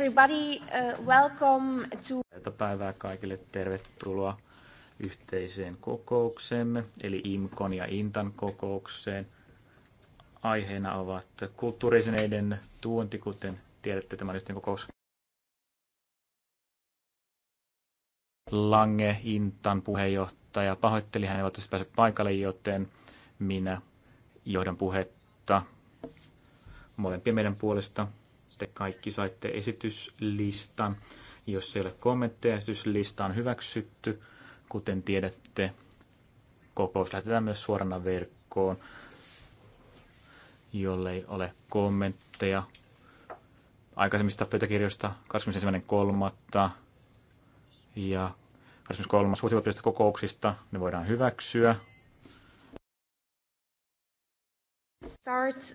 everybody. Uh, welcome to... päivää kaikille. Tervetuloa yhteiseen kokoukseemme, eli IMKON ja INTAN kokoukseen. Aiheena ovat kulttuurisineiden tuonti, kuten tiedätte tämän yhteen kokous. Lange, INTAN puheenjohtaja, pahoitteli, hän ei valitettavasti pääse paikalle, joten minä johdan puhetta molempien meidän puolesta – sitten te kaikki saitte esityslistan. Jos siellä kommentteja, esityslista on hyväksytty. Kuten tiedätte, kokous lähetetään myös suorana verkkoon. Jollei ole kommentteja aikaisemmista pöytäkirjoista 21.3. ja 23. huhtikuuta kokouksista, ne voidaan hyväksyä. Start.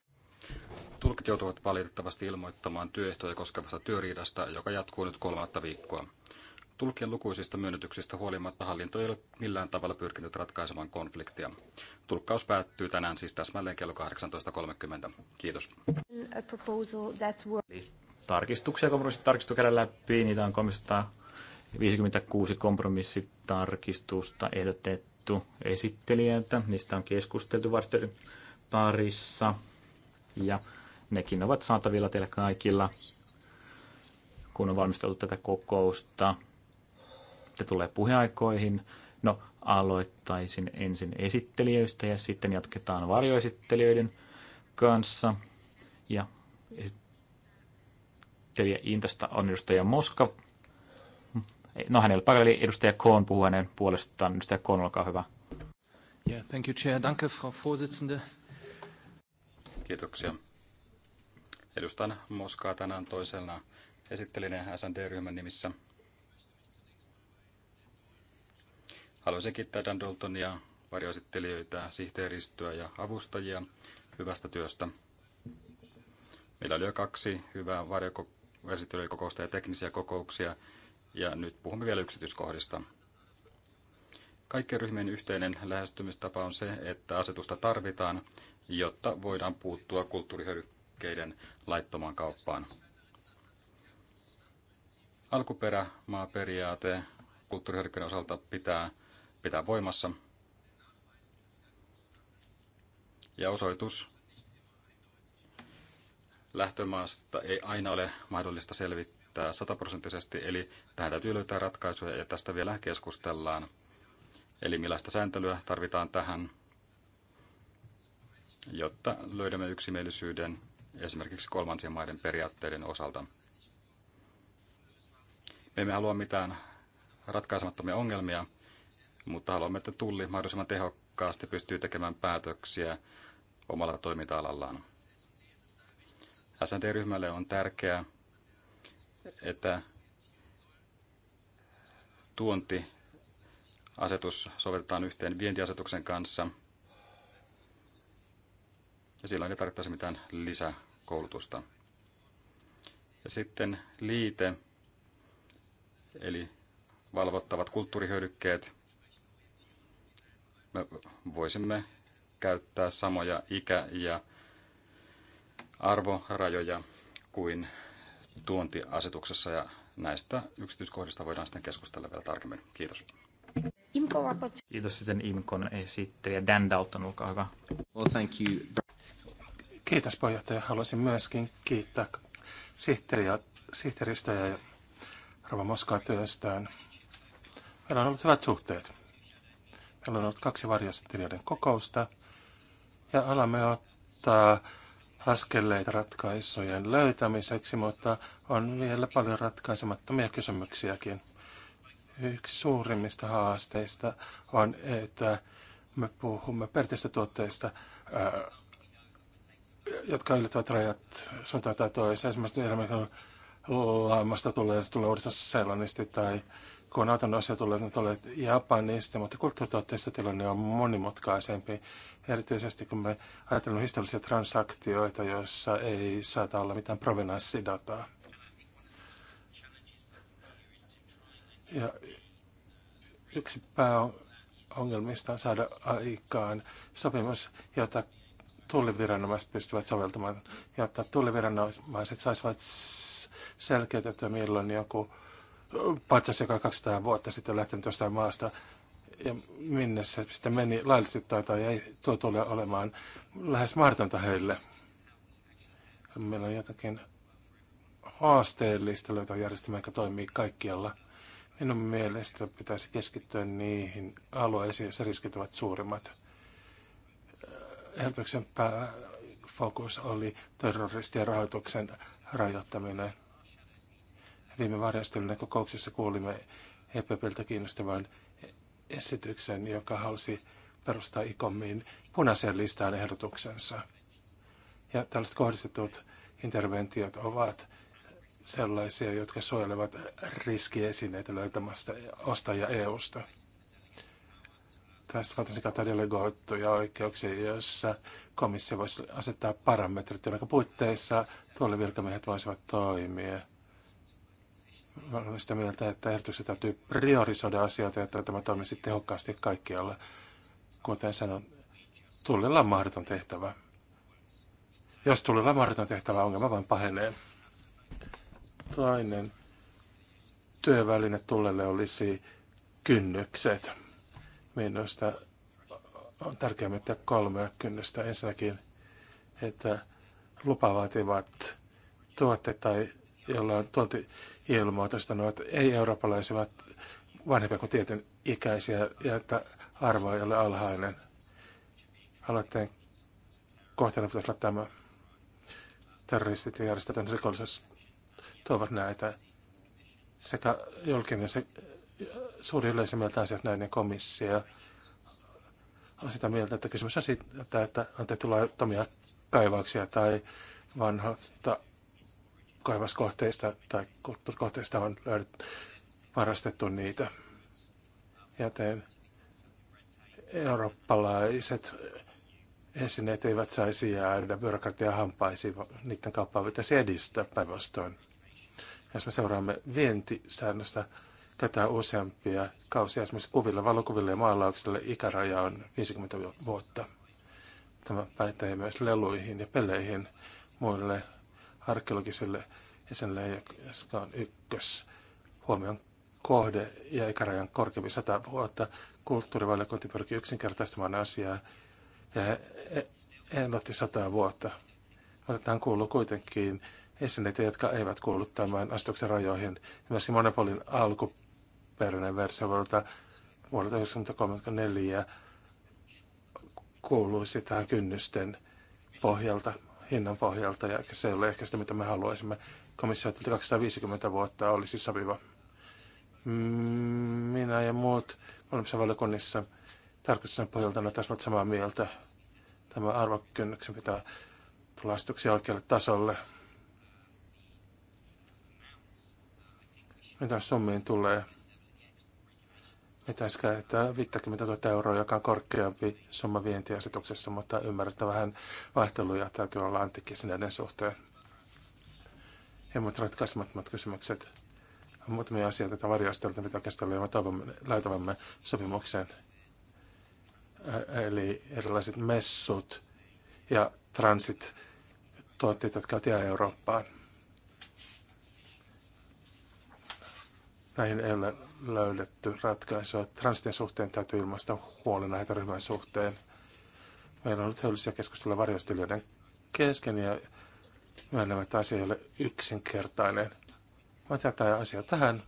Tulkit joutuvat valitettavasti ilmoittamaan työehtoja koskevasta työriidasta, joka jatkuu nyt kolmatta viikkoa. Tulkien lukuisista myönnytyksistä huolimatta hallinto ei ole millään tavalla pyrkinyt ratkaisemaan konfliktia. Tulkkaus päättyy tänään siis täsmälleen kello 18.30. Kiitos. Eli tarkistuksia tarkistuu käydään läpi. Niitä on 56 kompromissi kompromissitarkistusta ehdotettu esittelijältä. Niistä on keskusteltu varsin parissa. Ja Nekin ovat saatavilla teille kaikilla, kun on valmisteltu tätä kokousta. Te tulee puheaikoihin. No, aloittaisin ensin esittelijöistä ja sitten jatketaan varjoesittelijöiden kanssa. Ja esittelijä Intasta on edustaja Moska. No hänellä paikalla, edustaja Koon puhuu hänen puolestaan. Edustaja Koon, olkaa hyvä. Yeah, thank you, Chair. Danke, Frau Vorsitzende. Kiitoksia. Edustan Moskaa tänään toisena esittelinen SND-ryhmän nimissä. Haluaisin kiittää Dan Daltonia, varjoesittelijöitä, sihteeristöä ja avustajia hyvästä työstä. Meillä oli jo kaksi hyvää varjoesittelykokousta ja teknisiä kokouksia, ja nyt puhumme vielä yksityiskohdista. Kaikkien ryhmien yhteinen lähestymistapa on se, että asetusta tarvitaan, jotta voidaan puuttua kulttuurihyödykkeisiin lääkkeiden laittomaan kauppaan. Alkuperämaaperiaate kulttuurihyödykkeiden osalta pitää pitää voimassa. Ja osoitus lähtömaasta ei aina ole mahdollista selvittää sataprosenttisesti, eli tähän täytyy löytää ratkaisuja ja tästä vielä keskustellaan. Eli millaista sääntelyä tarvitaan tähän, jotta löydämme yksimielisyyden esimerkiksi kolmansien maiden periaatteiden osalta. Me emme halua mitään ratkaisemattomia ongelmia, mutta haluamme, että tulli mahdollisimman tehokkaasti pystyy tekemään päätöksiä omalla toiminta-alallaan. SNT-ryhmälle on tärkeää, että tuontiasetus sovelletaan yhteen vientiasetuksen kanssa – ja silloin ei tarvittaisi mitään lisäkoulutusta. Ja sitten liite, eli valvottavat kulttuurihyödykkeet. Me voisimme käyttää samoja ikä- ja arvorajoja kuin tuontiasetuksessa ja näistä yksityiskohdista voidaan sitten keskustella vielä tarkemmin. Kiitos. Kiitos sitten IMKon esittelijä Dan Dalton, olkaa hyvä. Well, thank you. Kiitos puheenjohtaja. Haluaisin myöskin kiittää sihteeriä, sihteeristä ja Rova Moskaa työstään. Meillä on ollut hyvät suhteet. Meillä on ollut kaksi varjostelijoiden kokousta ja alamme ottaa askeleita ratkaisujen löytämiseksi, mutta on vielä paljon ratkaisemattomia kysymyksiäkin. Yksi suurimmista haasteista on, että me puhumme perinteistä tuotteista ää, jotka ylittävät rajat suuntaan tai toiseen. Esimerkiksi elämän laamasta tulee, se tulee uudestaan seilannesti tai kun auton asia tulee, ne tulee Japanista, mutta kulttuurituotteista tilanne on monimutkaisempi. Erityisesti kun me ajattelemme historiallisia transaktioita, joissa ei saata olla mitään provenanssidataa. Ja yksi pääongelmista on saada aikaan sopimus, jota tulliviranomaiset pystyvät soveltamaan, jotta tulliviranomaiset saisivat selkeytettyä milloin joku patsas, joka 200 vuotta sitten lähtenyt jostain maasta, ja minne se sitten meni laillisesti tai, tai ei, tuo tulee olemaan lähes mahdotonta heille. Meillä on jotakin haasteellista löytää järjestelmä, joka toimii kaikkialla. Minun mielestä pitäisi keskittyä niihin alueisiin, joissa riskit ovat suurimmat ehdotuksen pääfokus oli terroristien rahoituksen rajoittaminen. Viime varjastelijan kokouksessa kuulimme EPPiltä kiinnostavan esityksen, joka halusi perustaa ICOMin punaisen listaan ehdotuksensa. Ja tällaiset kohdistetut interventiot ovat sellaisia, jotka suojelevat riskiesineitä löytämästä ostajia EU-sta transkaltaisen kautta delegoittuja oikeuksia, joissa komissio voisi asettaa parametrit, joiden puitteissa tuolle virkamiehet voisivat toimia. Olen sitä mieltä, että ehdotukset täytyy priorisoida asioita, jotta tämä toimisi tehokkaasti kaikkialla. Kuten sanon, tullilla on mahdoton tehtävä. Jos tullilla on mahdoton tehtävä, ongelma vain pahenee. Toinen työväline tullelle olisi kynnykset Minusta on tärkeää miettiä kolmea kynnystä. Ensinnäkin, että lupa vaativat tuotteet tai joilla on tuonti-ilmoitus, ovat ei-eurooppalaisia, ovat vanhempia kuin tietyn ikäisiä ja että arvo ei ole alhainen. Aloitteen kohteena pitäisi olla tämä terroristit ja järjestetyn rikollisuus tuovat näitä sekä julkinen se, suuri yleisö mieltä asioista näin, niin komissio on sitä mieltä, että kysymys on siitä, että on tehty laittomia kaivauksia tai vanhasta kaivaskohteista tai kulttuurikohteista on löydetty, varastettu niitä. Joten eurooppalaiset esineet eivät saisi jäädä byrokratia hampaisiin, niiden kauppaa pitäisi edistää päinvastoin. Jos me seuraamme vientisäännöstä, tätä useampia kausia. Esimerkiksi kuville, valokuville ja maalauksille ikäraja on 50 vuotta. Tämä päättää myös leluihin ja peleihin muille arkeologisille jäsenille, jotka on ykkös huomion kohde ja ikärajan korkeampi 100 vuotta. Kulttuurivaliokunta pyrkii yksinkertaistamaan asiaa ja ehdotti 100 vuotta. Otetaan kuuluu kuitenkin esineitä, jotka eivät kuulu tämän asetuksen rajoihin. Myös monopolin alku alkuperäinen versio vuodelta 1934 kuuluisi tähän kynnysten pohjalta, hinnan pohjalta, ja se ei ole ehkä sitä, mitä me haluaisimme. Komissio 250 vuotta olisi sopiva. Mm, minä ja muut molemmissa valiokunnissa tarkoituksena pohjalta on täsmät samaa mieltä. Tämä arvokynnyksen pitää tulla astuksi oikealle tasolle. Mitä summiin tulee, pitäisi että 50 000 euroa, joka on korkeampi summa vientiasetuksessa, mutta ymmärrettä vähän vaihteluja täytyy olla antikin suhteen. Ja muut ratkaisemattomat kysymykset. On muutamia asioita tätä varjoistelta, mitä käsitellään, ja toivomme löytävämme sopimukseen. Eli erilaiset messut ja transit tuotteet, jotka tie Eurooppaan. Näihin ei ole löydetty ratkaisua. Transitien suhteen täytyy ilmaista näitä ryhmän suhteen. Meillä on ollut hyödyllisiä keskusteluja varjostelijoiden kesken ja myönnämme, että asia ei ole yksinkertainen. Mä tätä asia tähän.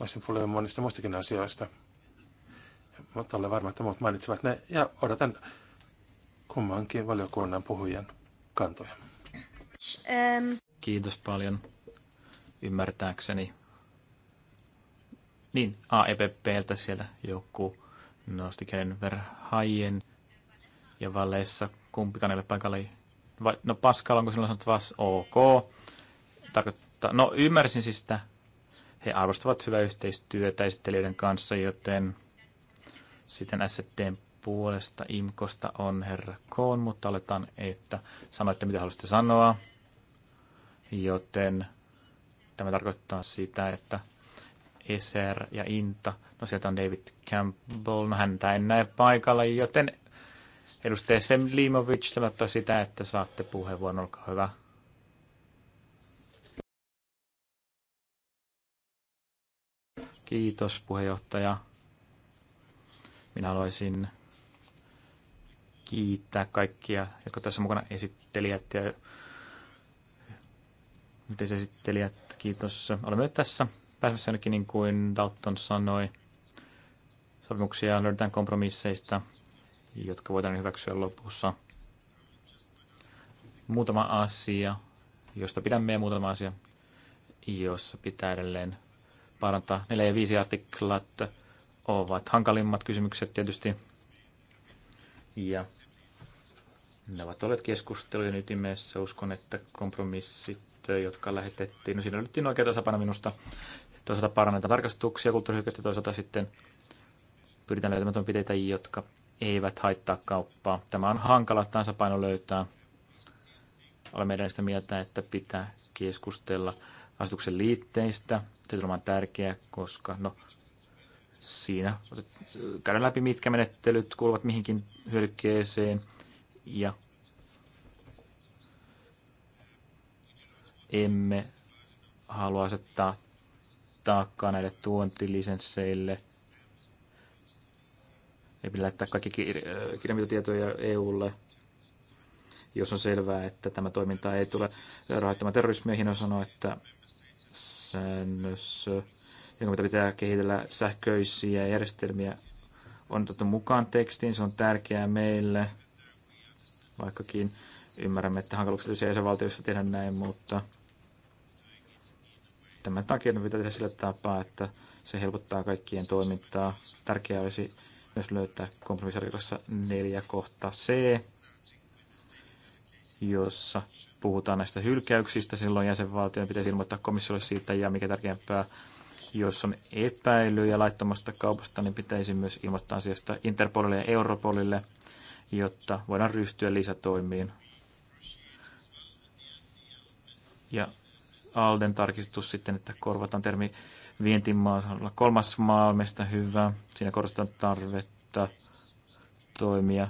Olisin puhunut monista muistakin asioista. Mutta olen varma, että muut mainitsevat ne ja odotan kummankin valiokunnan puhujan kantoja. Kiitos paljon. Ymmärtääkseni niin, AEPPltä siellä joku nosti käden verhaien ja valeissa kumpikaan ei ole paikalla. Vai, no Pascal, onko sinulla sanottu vas ok? Tarkoittaa, no ymmärsin siis sitä. He arvostavat hyvää yhteistyötä esittelijöiden kanssa, joten sitten SDn puolesta IMKosta on herra Koon, mutta oletan, että sanoitte mitä haluaisitte sanoa. Joten tämä tarkoittaa sitä, että ESR ja INTA. No sieltä on David Campbell, no häntä en näe paikalla, joten edustaja Sem Limovic sanottaa sitä, että saatte puheenvuoron, olkaa hyvä. Kiitos puheenjohtaja. Minä haluaisin kiittää kaikkia, jotka tässä mukana esittelijät ja miten se yhteisesittelijät. Kiitos. Olemme tässä päässä ainakin niin kuin Dalton sanoi. Sopimuksia löydetään kompromisseista, jotka voidaan hyväksyä lopussa. Muutama asia, josta pidämme ja muutama asia, jossa pitää edelleen parantaa. 4 ja 5 artiklat ovat hankalimmat kysymykset tietysti. Ja ne ovat olleet keskustelujen ytimessä. Uskon, että kompromissit, jotka lähetettiin, no siinä löydettiin oikea tasapaino minusta toisaalta parannetaan tarkastuksia kulttuurihyökkäystä, toisaalta sitten pyritään löytämään toimenpiteitä, jotka eivät haittaa kauppaa. Tämä on hankala tasapaino löytää. Olemme edelleen sitä mieltä, että pitää keskustella asetuksen liitteistä. Se on olemaan tärkeää, koska no, siinä käydään läpi, mitkä menettelyt kuuluvat mihinkin hyödykkeeseen ja emme halua asettaa taakkaa näille tuontilisensseille. Ei pidä laittaa kaikki äh, kirjanpitotietoja EUlle, jos on selvää, että tämä toiminta ei tule rahoittamaan terrorismia. Hino sanoi, että säännös, jonka mitä pitää kehitellä sähköisiä järjestelmiä, on otettu mukaan tekstiin. Se on tärkeää meille, vaikkakin ymmärrämme, että hankaluuksia jäsenvaltioissa tehdä näin, mutta Tämän takia ne pitää tehdä sillä tapaa, että se helpottaa kaikkien toimintaa. Tärkeää olisi myös löytää kompromissarikossa neljä kohta C, jossa puhutaan näistä hylkäyksistä. Silloin jäsenvaltion pitäisi ilmoittaa komissiolle siitä, ja mikä tärkeämpää, jos on epäilyjä laittomasta kaupasta, niin pitäisi myös ilmoittaa asiasta Interpolille ja Europolille, jotta voidaan ryhtyä lisätoimiin. Ja Alden tarkistus sitten, että korvataan termi vientimaa kolmas maa, meistä hyvä. Siinä korostetaan tarvetta toimia,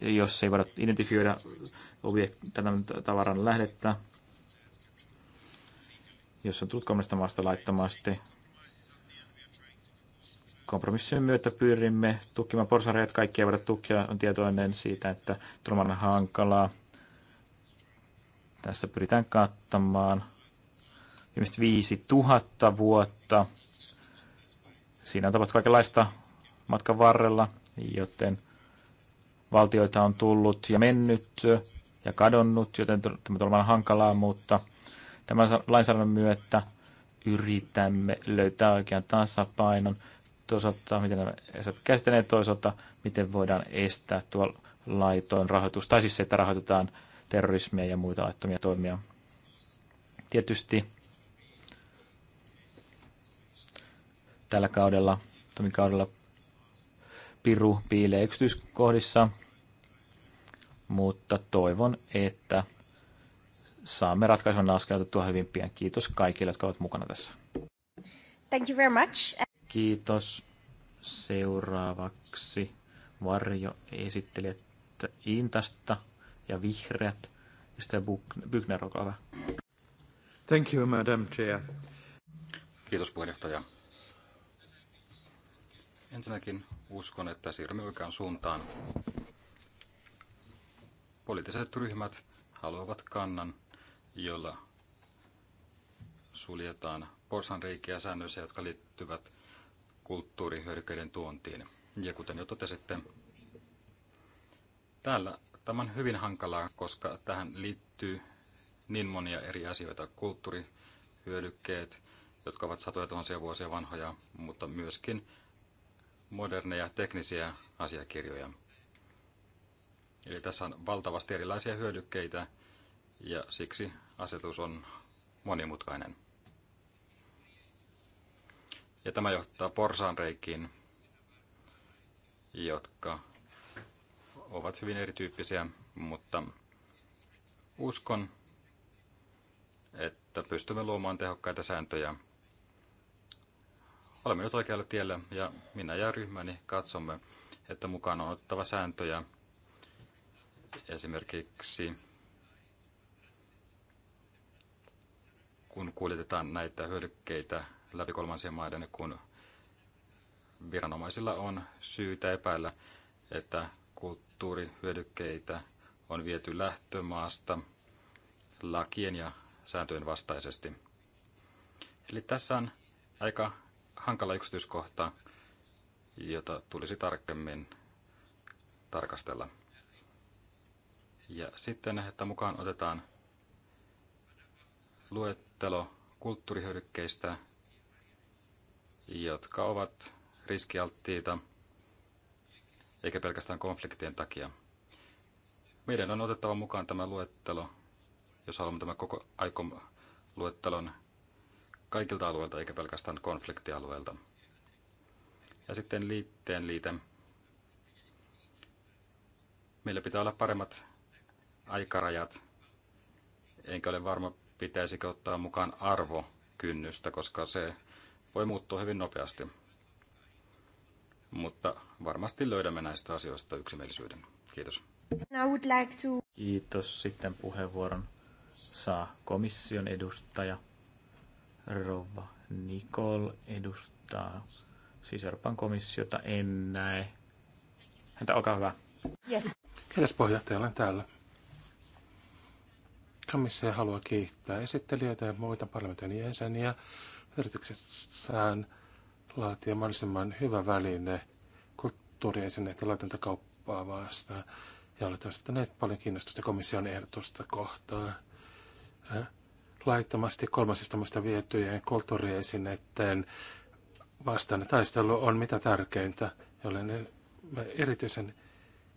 jos ei voida identifioida tämän tavaran lähdettä, jos on tullut kolmesta maasta laittomasti. kompromissimme myötä pyrimme porsareja, että kaikki ei voida tukia, on tietoinen siitä, että turman hankalaa tässä pyritään kattamaan ilmeisesti 5000 vuotta. Siinä on tapahtunut kaikenlaista matkan varrella, joten valtioita on tullut ja mennyt ja kadonnut, joten tämä on hankalaa, mutta tämän lainsäädännön myötä yritämme löytää oikean tasapainon. Toisaalta, miten nämä käsittelee, toisaalta, miten voidaan estää tuo laitoin rahoitus, tai siis se, että rahoitetaan terrorismia ja muita laittomia toimia. Tietysti tällä kaudella, toimikaudella piru piilee yksityiskohdissa, mutta toivon, että saamme ratkaisun tuohon hyvin pian. Kiitos kaikille, jotka ovat mukana tässä. Thank you very much. Kiitos. Seuraavaksi varjo esittelijät Intasta ja vihreät. Edustaja Bückner olkaa hyvä. Thank you, Madam Chair. Kiitos puheenjohtaja. Ensinnäkin uskon, että siirrymme oikeaan suuntaan. Poliittiset ryhmät haluavat kannan, jolla suljetaan porsanreikiä säännöissä, jotka liittyvät kulttuurihyödykkeiden tuontiin. Ja kuten jo totesitte, täällä Tämä on hyvin hankalaa, koska tähän liittyy niin monia eri asioita, kulttuurihyödykkeet, jotka ovat satoja tuhansia vuosia vanhoja, mutta myöskin moderneja teknisiä asiakirjoja. Eli tässä on valtavasti erilaisia hyödykkeitä ja siksi asetus on monimutkainen. Ja tämä johtaa porsaanreikiin, jotka ovat hyvin erityyppisiä, mutta uskon, että pystymme luomaan tehokkaita sääntöjä. Olemme nyt oikealla tiellä ja minä ja ryhmäni katsomme, että mukaan on otettava sääntöjä esimerkiksi kun kuljetetaan näitä hyödykkeitä läpi kolmansien maiden, kun viranomaisilla on syytä epäillä, että kulttuurihyödykkeitä on viety lähtömaasta lakien ja sääntöjen vastaisesti. Eli tässä on aika hankala yksityiskohta, jota tulisi tarkemmin tarkastella. Ja sitten, että mukaan otetaan luettelo kulttuurihyödykkeistä, jotka ovat riskialttiita – eikä pelkästään konfliktien takia. Meidän on otettava mukaan tämä luettelo, jos haluamme tämän koko aikom luettelon kaikilta alueilta eikä pelkästään konfliktialueilta. Ja sitten liitteen liite. Meillä pitää olla paremmat aikarajat. Enkä ole varma, pitäisikö ottaa mukaan arvokynnystä, koska se voi muuttua hyvin nopeasti mutta varmasti löydämme näistä asioista yksimielisyyden. Kiitos. Like to... Kiitos. Sitten puheenvuoron saa komission edustaja Rova Nikol edustaa siis Euroopan komissiota. En näe. Häntä, olkaa hyvä. Yes. Kiitos puheenjohtaja, olen täällä. Komissio haluaa kiittää esittelijöitä ja muita parlamentin jäseniä yrityksessään laatia mahdollisimman hyvä väline kulttuuriesineiden laitontakauppaa vastaan. Ja olette asettaneet paljon kiinnostusta komission ehdotusta kohtaan. Äh, laittomasti kolmasista maista vietyjen kulttuuriesineiden vastainen taistelu on mitä tärkeintä, jollen erityisen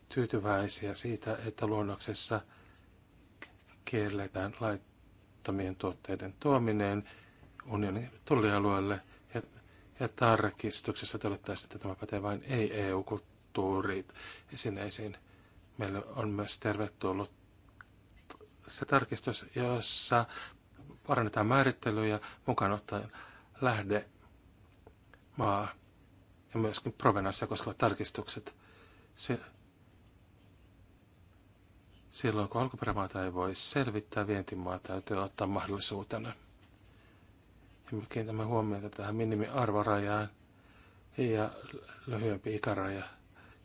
tyytyväisiä siitä, että luonnoksessa kielletään laittomien tuotteiden tuominen unionin tullialueelle ja tarkistuksessa todettaisiin, että tämä pätee vain ei-EU-kulttuurit esineisiin. Meillä on myös tervetullut se tarkistus, jossa parannetaan määrittelyjä mukaan ottaen lähde maa ja myöskin provenanssia koskevat tarkistukset. Se, silloin kun alkuperämaata ei voi selvittää, vientimaa täytyy ottaa mahdollisuutena kiinnitämme huomiota tähän minimiarvorajaan ja lyhyempi ikäraja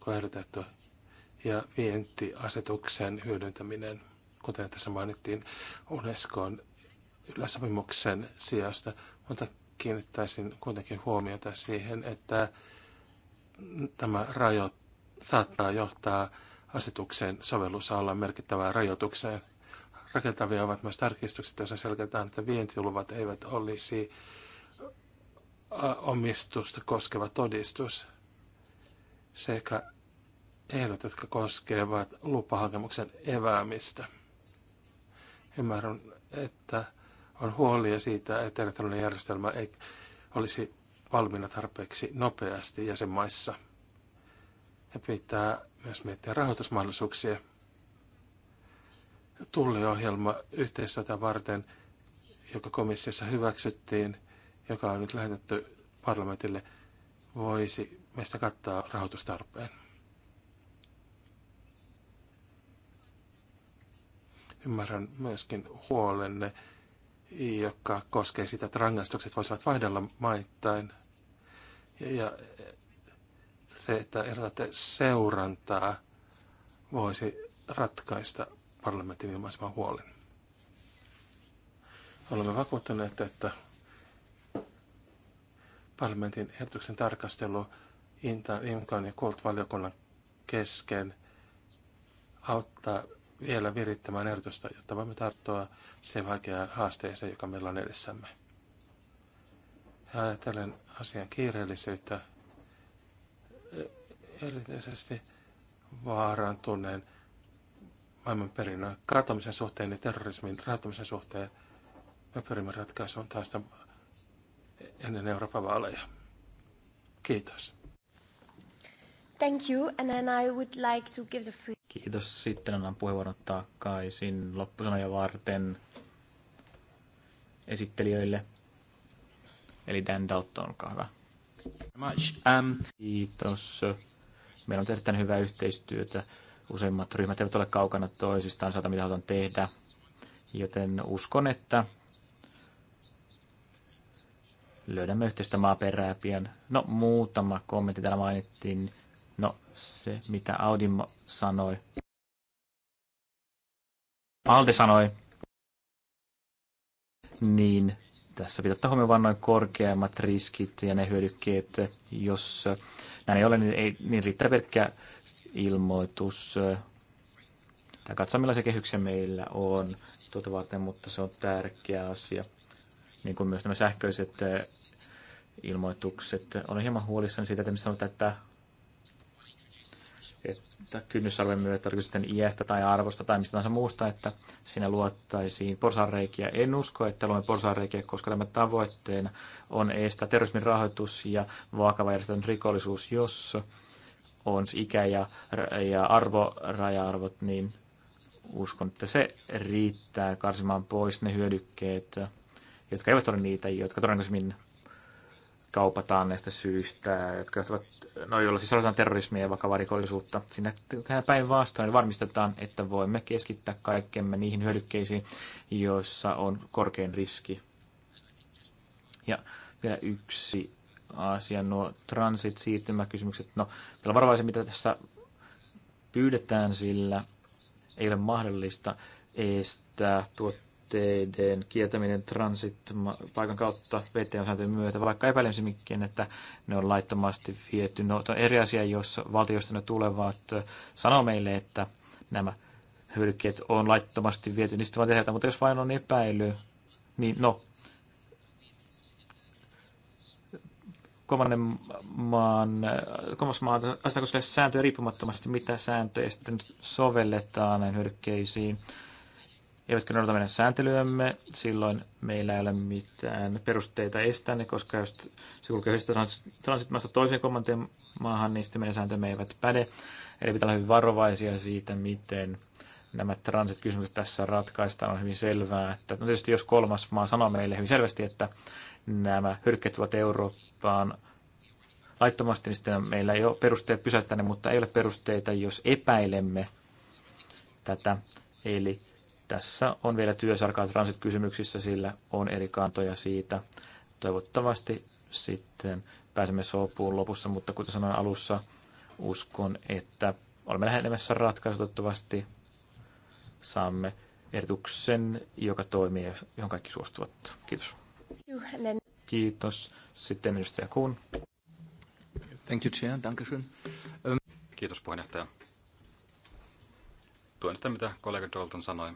kuin ehdotettu ja vientiasetuksen hyödyntäminen, kuten tässä mainittiin Unescon yläsopimuksen sijasta, mutta kiinnittäisin kuitenkin huomiota siihen, että tämä rajo saattaa johtaa asetuksen sovellusalan merkittävään rajoitukseen – Rakentavia ovat myös tarkistukset, joissa selkeytetään, että vientiluvat eivät olisi omistusta koskeva todistus sekä ehdot, jotka koskevat lupahakemuksen eväämistä. Ymmärrän, että on huolia siitä, että elektroninen järjestelmä ei olisi valmiina tarpeeksi nopeasti jäsenmaissa. Ja pitää myös miettiä rahoitusmahdollisuuksia – tulliohjelma yhteistyötä varten, joka komissiossa hyväksyttiin, joka on nyt lähetetty parlamentille, voisi meistä kattaa rahoitustarpeen. Ymmärrän myöskin huolenne, joka koskee sitä, että rangaistukset voisivat vaihdella maittain. Ja se, että seurantaa, voisi ratkaista parlamentin ilmaiseman huolen. Olemme vakuuttuneet, että parlamentin ehdotuksen tarkastelu Intan, Imkan ja Kult-valiokunnan kesken auttaa vielä virittämään ehdotusta, jotta voimme tarttua siihen vaikeaan haasteeseen, joka meillä on edessämme. Ja ajatellen asian kiireellisyyttä, e, erityisesti vaarantuneen maailmanperinnön kaatamisen suhteen ja terrorismin rahoittamisen suhteen me pyrimme ratkaisuun taas ennen Euroopan vaaleja. Kiitos. Thank you, and then I would like to give the free... Kiitos. Sitten annan puheenvuoron takaisin loppusanoja varten esittelijöille. Eli Dan Dalton, olkaa hyvä. Much. Um... Kiitos. Meillä on erittäin hyvää yhteistyötä Useimmat ryhmät eivät ole kaukana toisistaan sieltä, mitä halutaan tehdä. Joten uskon, että löydämme yhteistä maaperää pian. No muutama kommentti täällä mainittiin. No se, mitä Audi sanoi. Alde sanoi, niin tässä pitää ottaa huomioon vain noin korkeammat riskit ja ne hyödykkeet. Jos näin ei ole, niin, ei, niin riittää pelkkä ilmoitus. Tai katsotaan millaisia kehyksiä meillä on tuota varten, mutta se on tärkeä asia. Niin kuin myös nämä sähköiset ilmoitukset. Olen hieman huolissani siitä, että missä on tätä, että kynnysarven myötä, oliko sitten iästä tai arvosta tai mistä tahansa muusta, että siinä luottaisiin porsanreikiä. En usko, että luomme porsanreikiä, koska tämä tavoitteena on estää terrorismin rahoitus ja vakava järjestetyn rikollisuus, jos on ikä ja, ja arvo, raja-arvot, niin uskon, että se riittää karsimaan pois ne hyödykkeet, jotka eivät ole niitä, jotka todennäköisemmin kaupataan näistä syistä, jotka ovat no joilla siis aloitetaan terrorismia ja vakavaa rikollisuutta. Siinä vastaan, päinvastoin varmistetaan, että voimme keskittää kaikkemme niihin hyödykkeisiin, joissa on korkein riski. Ja vielä yksi Aasian nuo transit, siirtymäkysymykset. No, tällä varovaisen, mitä tässä pyydetään sillä, ei ole mahdollista estää tuotteiden kietäminen transit-paikan kautta vtn sääntöjen myötä, vaikka epäilemisemminkin, että ne on laittomasti viety. No, on eri asia, jos valtiosta ne tulevat sanoo meille, että nämä hyödykkeet on laittomasti viety, niin sitten vaan tehdään, mutta jos vain on epäily, niin no, kolmannen maan, kolmas maan asetetaanko sille sääntöjä riippumattomasti, mitä sääntöjä sitten sovelletaan näihin hyödykkeisiin. Eivätkö ne meidän sääntelyämme, silloin meillä ei ole mitään perusteita estää ne, koska jos se kulkee yhdestä transitmaasta toiseen kolmanteen maahan, niin sitten meidän sääntömme eivät päde. Eli pitää olla hyvin varovaisia siitä, miten nämä transit-kysymykset tässä ratkaistaan. On hyvin selvää, että no tietysti jos kolmas maa sanoo meille hyvin selvästi, että nämä hyrkkeet ovat Eurooppaan, vaan laittomasti, niin meillä ei ole perusteet pysäyttää ne, mutta ei ole perusteita, jos epäilemme tätä. Eli tässä on vielä työsarkaa transit kysymyksissä, sillä on eri kantoja siitä. Toivottavasti sitten pääsemme sopuun lopussa, mutta kuten sanoin alussa, uskon, että olemme lähenemässä ratkaisu. toivottavasti saamme erityksen, joka toimii, johon kaikki suostuvat. Kiitos. Kiitos. Sitten edustaja Kuhn. Thank you, Chair. Dankeschön. Um... Ähm, Kiitos puheenjohtaja. Tuen sitä, mitä kollega Dalton sanoi.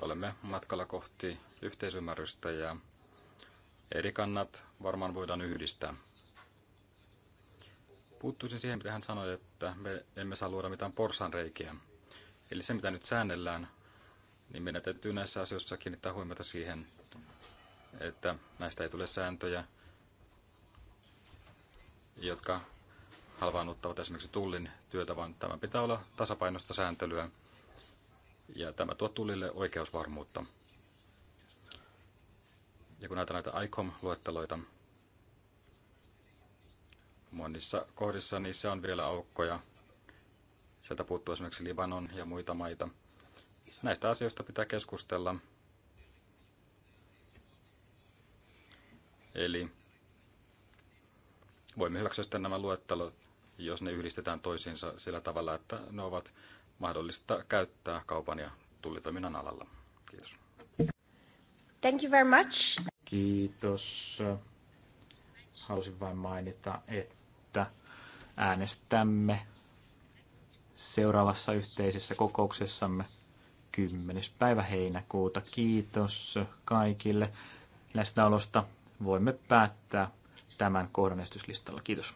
Olemme matkalla kohti yhteisymmärrystä ja eri kannat varmaan voidaan yhdistää. Puuttuisin siihen, mitä hän sanoi, että me emme saa luoda mitään porsanreikiä. Eli se, mitä nyt säännellään, niin meidän täytyy näissä asioissa kiinnittää huomiota siihen, että näistä ei tule sääntöjä, jotka halvaannuttavat esimerkiksi tullin työtä, vaan tämän pitää olla tasapainosta sääntelyä. Ja tämä tuo tullille oikeusvarmuutta. Ja kun näitä näitä ICOM-luetteloita, monissa kohdissa niissä on vielä aukkoja. Sieltä puuttuu esimerkiksi Libanon ja muita maita. Näistä asioista pitää keskustella Eli voimme hyväksyä sitten nämä luettelot, jos ne yhdistetään toisiinsa sillä tavalla, että ne ovat mahdollista käyttää kaupan ja tullitoiminnan alalla. Kiitos. Thank you very much. Kiitos. Halusin vain mainita, että äänestämme seuraavassa yhteisessä kokouksessamme 10. päivä heinäkuuta. Kiitos kaikille läsnäolosta voimme päättää tämän kohdan esityslistalla. Kiitos.